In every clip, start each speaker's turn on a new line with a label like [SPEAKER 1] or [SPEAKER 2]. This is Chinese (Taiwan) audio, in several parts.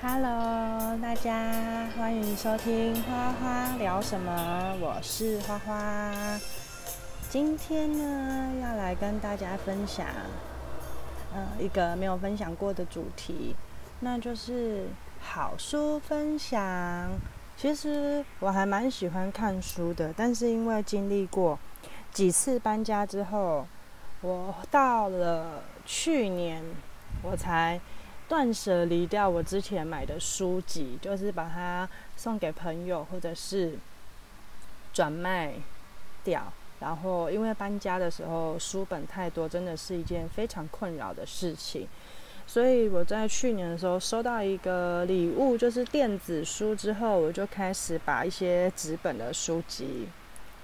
[SPEAKER 1] 哈囉，大家歡迎收聽花花聊什麼，我是花花。今天呢，要來跟大家分享，呃，一個沒有分享過的主題，那就是好書分享。其實我還蠻喜歡看書的，但是因為經歷過幾次搬家之後，我到了去年我才。斷捨離掉我之前買的書籍，就是把它送給朋友或者是轉賣掉。然後，因為搬家的時候書本太多，真的是一件非常困擾的事情。所以我在去年的時候收到一個禮物，就是電子書之後，我就開始把一些紙本的書籍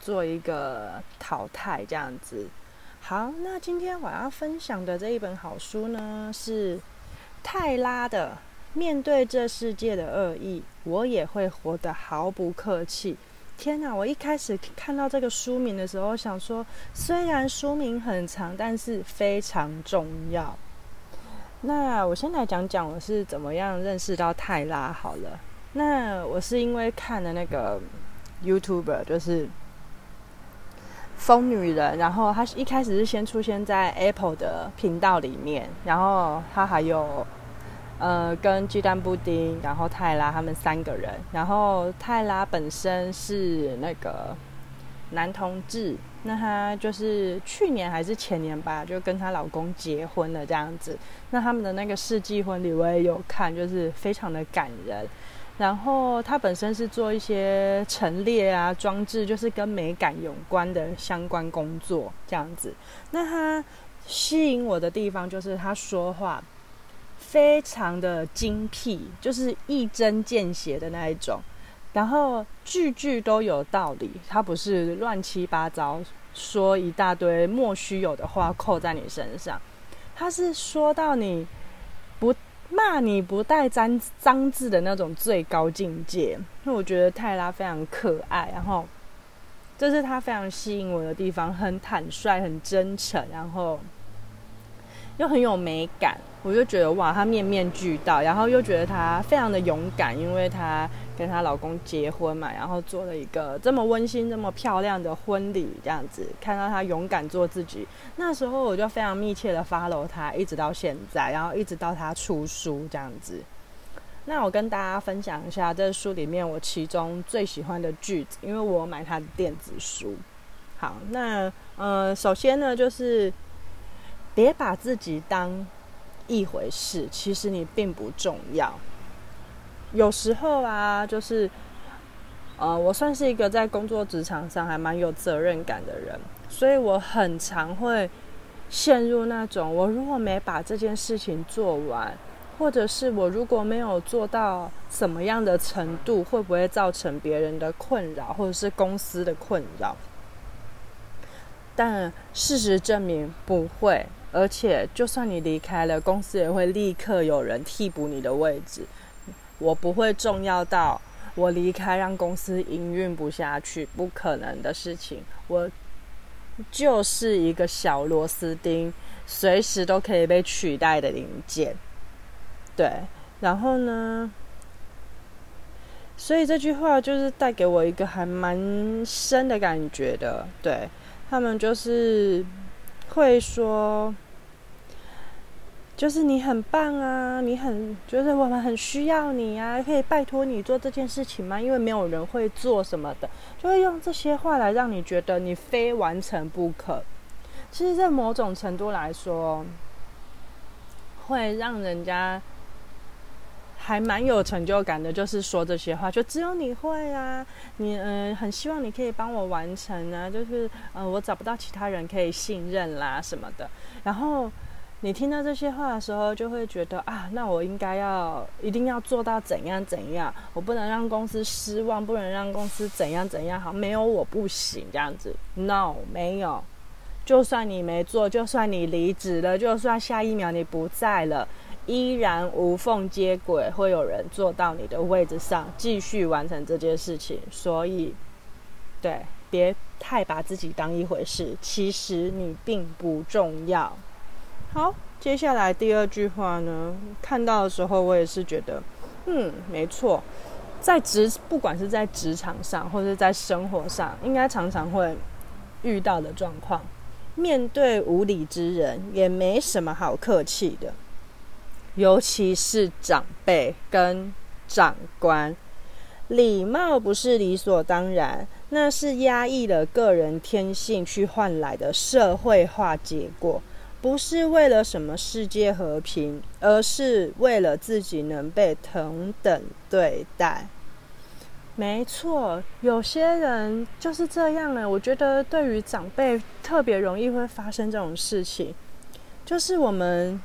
[SPEAKER 1] 做一個淘汰，這樣子。好，那今天我要分享的這一本好書呢，是。泰拉的面對這世界的惡意，我也會活得毫不客氣。天哪！我一開始看到這個書名的時候，想說雖然書名很長，但是非常重要。那我先來講講我是怎麼樣認識到泰拉好了。那我是因為看了那個 YouTuber，就是。瘋女人，然後她一開始是先出現在 Apple 的頻道裡面，然後她還有呃跟雞蛋布丁，然後泰拉他們三個人，然後泰拉本身是那個男同志，那她就是去年還是前年吧，就跟她老公結婚了這樣子，那他們的那個世紀婚禮我也有看，就是非常的感人。然後他本身是做一些陳列啊、裝置，就是跟美感有關的相關工作這樣子。那他吸引我的地方就是他說話非常的精闢，就是一針見血的那一種，然後句句都有道理。他不是亂七八糟說一大堆莫須有的話扣在你身上，他是說到你不。罵你不帶髒髒字的那種最高境界。那我覺得泰拉非常可愛，然後這是他非常吸引我的地方，很坦率，很真誠，然後。又很有美感，我就覺得哇，她面面俱到，然後又覺得她非常的勇敢，因為她跟她老公結婚嘛，然後做了一個這麼溫馨、這麼漂亮的婚禮，這樣子，看到她勇敢做自己，那時候我就非常密切的 follow 她，一直到現在，然後一直到她出書這樣子。那我跟大家分享一下這書裡面我其中最喜歡的句子，因為我買她的電子書。好，那嗯、呃，首先呢就是。別把自己當一回事，其實你並不重要。有時候啊，就是，呃，我算是一個在工作職場上還蠻有責任感的人，所以我很常會陷入那種：我如果沒把這件事情做完，或者是我如果沒有做到什麼樣的程度，會不會造成別人的困擾，或者是公司的困擾？但事實證明不會。而且，就算你離開了，公司也會立刻有人替補你的位置。我不會重要到我離開讓公司營運不下去，不可能的事情。我就是一個小螺絲釘，隨時都可以被取代的零件。對，然後呢？所以這句話就是帶給我一個還蠻深的感覺的。對，他們就是會說。就是你很棒啊，你很覺得我們很需要你啊，可以拜託你做這件事情嗎？因為沒有人會做什麼的，就會用這些話來讓你覺得你非完成不可。其實，在某種程度來說，會讓人家還蠻有成就感的，就是說這些話，就只有你會啊，你嗯，很希望你可以幫我完成啊，就是嗯，我找不到其他人可以信任啦什麼的，然後。你聽到這些話的時候，就會覺得啊，那我應該要一定要做到怎樣怎樣，我不能讓公司失望，不能讓公司怎樣怎樣。好，沒有我不行這樣子。No，沒有，就算你沒做，就算你離職了，就算下一秒你不在了，依然無縫接軌，會有人坐到你的位置上繼續完成這件事情。所以，對，別太把自己當一回事，其實你並不重要。好，接下來第二句話呢？看到的時候，我也是覺得，嗯，沒錯，在職不管是在職場上，或者在生活上，應該常常會遇到的狀況。面對無禮之人，也沒什麼好客氣的，尤其是長輩跟長官，禮貌不是理所當然，那是壓抑了個人天性去換來的社會化結果。不是為了什麼世界和平，而是為了自己能被同等對待。沒錯，有些人就是這樣呢。我覺得對於長輩，特別容易會發生這種事情，就是我們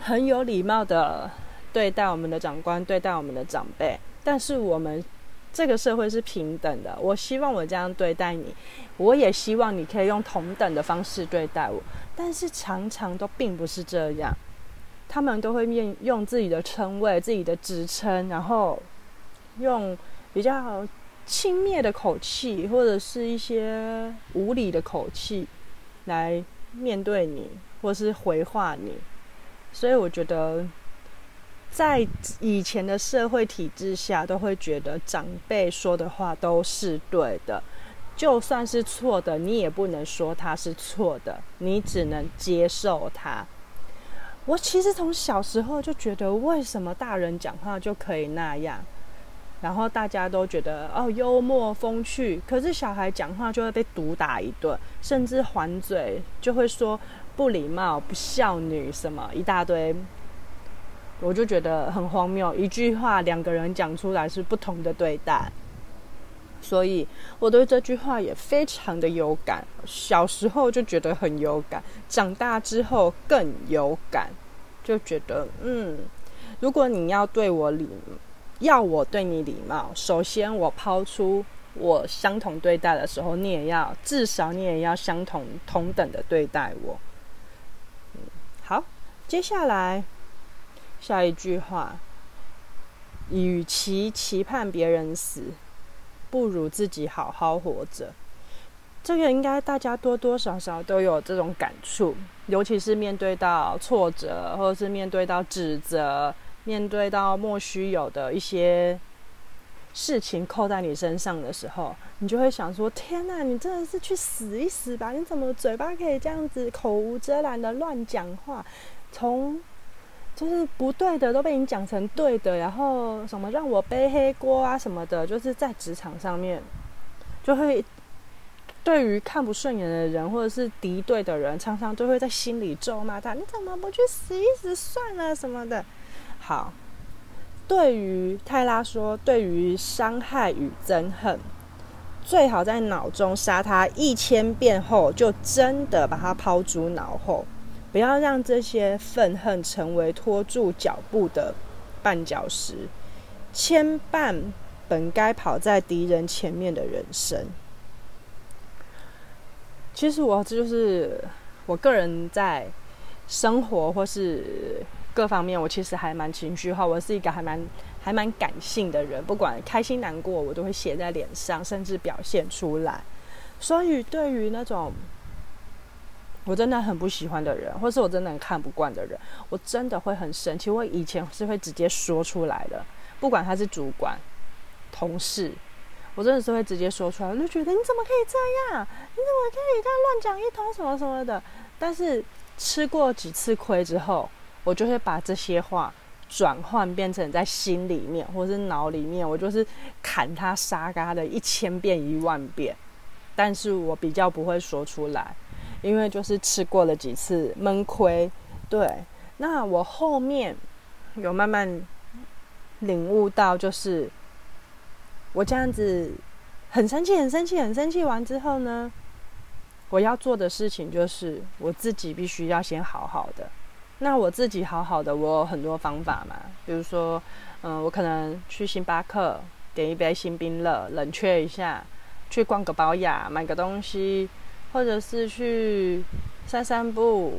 [SPEAKER 1] 很有禮貌地對待我們的長官，對待我們的長輩，但是我們。這個社會是平等的，我希望我這樣對待你，我也希望你可以用同等的方式對待我。但是常常都並不是這樣，他們都會面用自己的稱謂、自己的職稱，然後用比較輕蔑的口氣或者是一些無理的口氣來面對你，或是回話你。所以我覺得。在以前的社會體制下，都會覺得長輩說的話都是對的，就算是錯的，你也不能說他是錯的，你只能接受他。我其實從小時候就覺得，為什麼大人講話就可以那樣，然後大家都覺得哦，幽默風趣，可是小孩講話就會被毒打一頓，甚至還嘴就會說不禮貌、不孝女什麼一大堆。我就覺得很荒謬，一句話兩個人講出來是不同的對待，所以我對這句話也非常的有感。小時候就覺得很有感，長大之後更有感，就覺得嗯，如果你要對我禮，要我對你禮貌，首先我拋出我相同對待的時候，你也要，至少你也要相同同等的對待我。嗯、好，接下來。下一句話，與其期盼別人死，不如自己好好活着。這個應該大家多多少少都有這種感觸，尤其是面對到挫折，或者是面對到指責，面對到莫須有的一些事情扣在你身上的時候，你就會想說：天哪，你真的是去死一死吧！你怎麼嘴巴可以這樣子口無遮攔的亂講話？從就是不對的都被你講成對的，然後什麼讓我背黑鍋啊什麼的，就是在職場上面，就會對於看不順眼的人或者是敵對的人，常常都會在心裡咒罵他，你怎麼不去死一死算了什麼的。好，對於泰拉說，對於傷害與憎恨，最好在腦中殺他一千遍後，就真的把他拋諸腦後。不要讓這些憤恨成為拖住腳步的絆腳石，牽絆本該跑在敵人前面的人生。其實我這就是我個人在生活或是各方面，我其實還蠻情緒化，我是一個還蠻還蠻感性的人，不管開心難過，我都會寫在臉上，甚至表現出來。所以對於那種。我真的很不喜歡的人，或是我真的很看不慣的人，我真的會很生氣。我以前是會直接說出來的，不管他是主管、同事，我真的是會直接說出來，我就覺得你怎麼可以這樣？你怎麼可以這樣亂講一通什麼什麼的？但是吃過幾次虧之後，我就會把這些話轉換變成在心裡面或者是腦裡面，我就是砍他、殺他的一千遍、一萬遍，但是我比較不會說出來。因為就是吃過了幾次悶虧，對。那我後面有慢慢領悟到，就是我這樣子很生氣、很生氣、很生氣，完之後呢，我要做的事情就是我自己必須要先好好的。那我自己好好的，我有很多方法嘛，比如說，嗯、呃，我可能去星巴克點一杯星冰樂冷卻一下，去逛個寶雅，買個東西。或者是去散散步，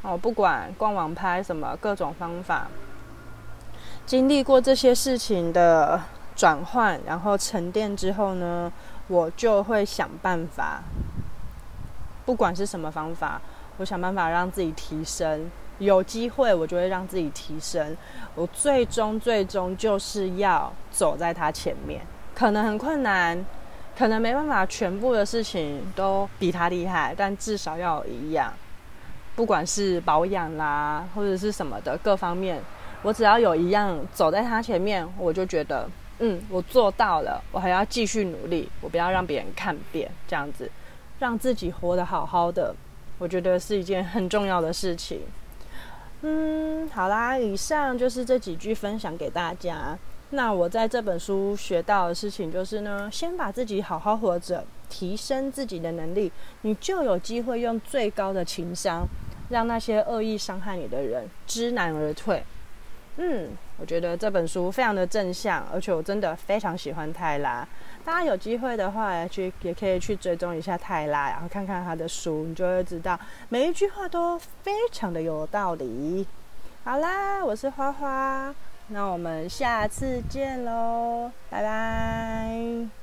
[SPEAKER 1] 哦，不管逛網拍什麼各種方法，經歷過這些事情的轉換，然後沉澱之後呢，我就會想辦法，不管是什麼方法，我想辦法讓自己提升，有機會我就會讓自己提升，我最終最終就是要走在他前面，可能很困難。可能沒辦法全部的事情都比他厲害，但至少要有一樣，不管是保養啦，或者是什麼的各方面，我只要有一樣走在他前面，我就覺得，嗯，我做到了，我還要繼續努力，我不要讓別人看扁，這樣子讓自己活得好好的，我覺得是一件很重要的事情。嗯，好啦，以上就是這幾句分享給大家。那我在這本書學到的事情就是呢，先把自己好好活着，提升自己的能力，你就有機會用最高的情商，讓那些惡意傷害你的人知難而退。嗯，我覺得這本書非常的正向，而且我真的非常喜歡泰拉。大家有機會的話，去也可以去追蹤一下泰拉，然後看看他的書，你就會知道每一句話都非常的有道理。好啦，我是花花。那我們下次見嘍，拜拜。